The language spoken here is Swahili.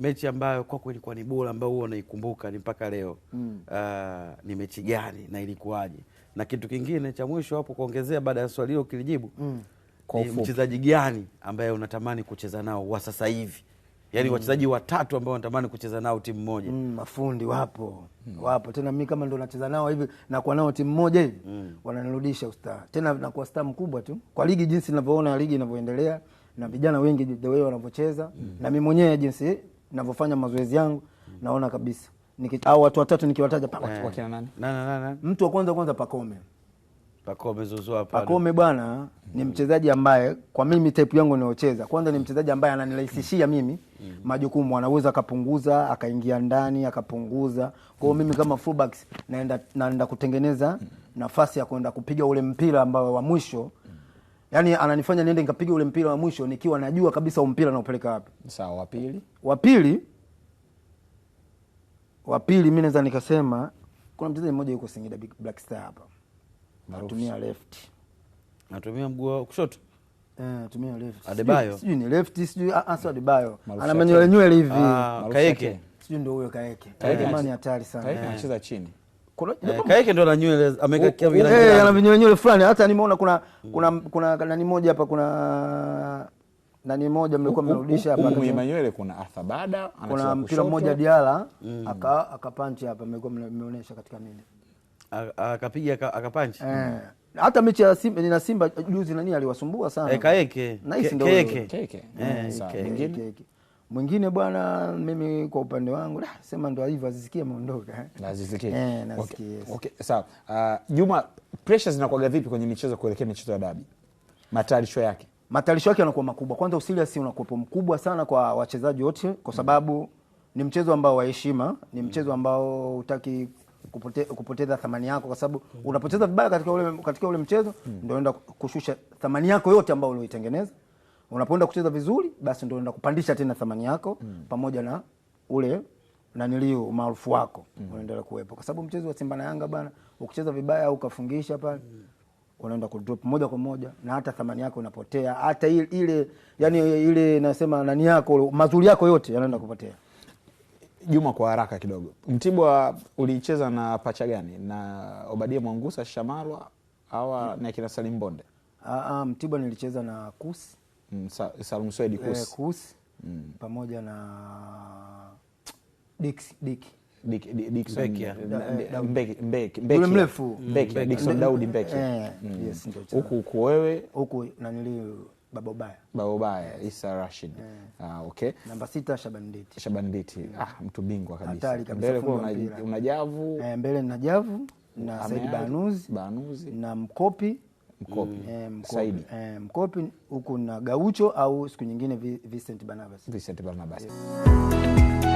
mechi ambayo kwako ilikuwa ni bora ambayo huwa unaikumbuka ni mpaka leo mm. Uh, ni mechi gani na ilikuwaje? Na kitu kingine cha mwisho hapo kuongezea, baada ya swali hilo kilijibu mm. ni mchezaji gani ambaye unatamani kucheza nao wa sasa hivi yaani mm. wachezaji watatu ambao wanatamani kucheza nao timu moja mm, mafundi wapo mm. wapo tena. Mi kama ndo nacheza nao hivi nakuwa nao timu moja hivi mm. wananirudisha usta tena, nakuwa staa mkubwa tu kwa ligi, jinsi ninavyoona ligi inavyoendelea na vijana wengi the way wanavyocheza mm. na mi mwenyewe jinsi ninavyofanya mazoezi yangu naona kabisa au watu watatu nikiwataja eh. Mtu wa kwanza kwanza Pakome. Pakome Pakome bwana ni mchezaji ambaye kwa mimi type yangu inayocheza Kwanza ni mchezaji ambaye ananirahisishia mimi majukumu, anaweza akapunguza, akaingia ndani, akapunguza. kwao mimi kama naenda naenda kutengeneza nafasi ya kwenda kupiga ule mpira ambao wa mwisho yani ananifanya niende nikapiga ule mpira wa mwisho nikiwa najua kabisa mpira naupeleka wapi. Sawa, wapili wapili wapili mi naweza nikasema kuna mchezaji mmoja yuko Singida Black Star hapa natumia left, natumia mguu kushoto eh, sijui ni left, sijui aso ah, ah, Adebayo ana manywele nywele hivi, ah, Kaeke sijui ndo huyo Kaeke. Kaeke jamani, hatari sana, eh. anacheza chini Eh, kaeke ndo na nywele ameweka eh, Ana vinywele nywele fulani hata nimeona kuna mm. kuna kuna nani moja hapa kuna nani moja mlikuwa mmerudisha hapa. kuna Athabada Kuna mpira mmoja Diala mm. aka akapanchi hapa mlikuwa mmeonyesha katika Akapiga akapanchi. Eh. Hata mechi ya Simba na Simba juzi nani aliwasumbua sana. Eh, kaeke. Kaeke. Kaeke. Kaeke. Mwingine bwana, mimi kwa upande wangu ah, sema ndo hivyo, azisikie ameondoka, eh, nazisikie eh, nasikie. Okay, okay. Sawa. Uh, Juma, pressure zinakuwaga vipi kwenye michezo kuelekea michezo ya dabi, matayarisho yake? Matayarisho yake yanakuwa makubwa, kwanza usiliasi unakuwepo mkubwa sana kwa wachezaji wote, kwa sababu ni mchezo ambao wa heshima, ni mchezo ambao hutaki kupote, kupoteza thamani yako, kwa sababu unapoteza vibaya katika ule, katika ule mchezo mm, ndio unaenda kushusha thamani yako yote ambayo ulioitengeneza Unapoenda kucheza vizuri, basi ndio unaenda kupandisha tena thamani yako mm. pamoja na ule nanilio umaarufu wako mm. unaendelea kuwepo, kwa sababu mchezo wa Simba na Yanga bana, ukicheza vibaya au ukafungisha pale mm. unaenda kudrop moja kwa moja, na hata thamani yako inapotea, hata ile yani ile nasema nani yako mazuri yako yote yanaenda kupotea. Juma, kwa haraka kidogo, Mtibwa ulicheza na pacha gani? Na Obadia Mwangusa Shamalwa awa mm. na kina Salim Bonde? Aa, ah, ah, Mtibwa nilicheza na Kusi Mm, Salum Swedi eh, Kusi mm. pamoja na Dix Dix eh, eh. Daudi Mbeki huku huku wewe huku nanili babobaya babobaya Isa Rashid yeah. Ah, okay. Namba sita Shabanditi Shabanditi yeah. Mm. Ah, mtu bingwa kabisa mbele kwa una, javu eh, mbele na javu na Said Banuzi Banuzi na Mkopi Mkopi. E, Mkopi. Saidi. E, Mkopi huku na Gaucho au siku nyingine Vincent Barnabas. Vincent Barnabas. yeah.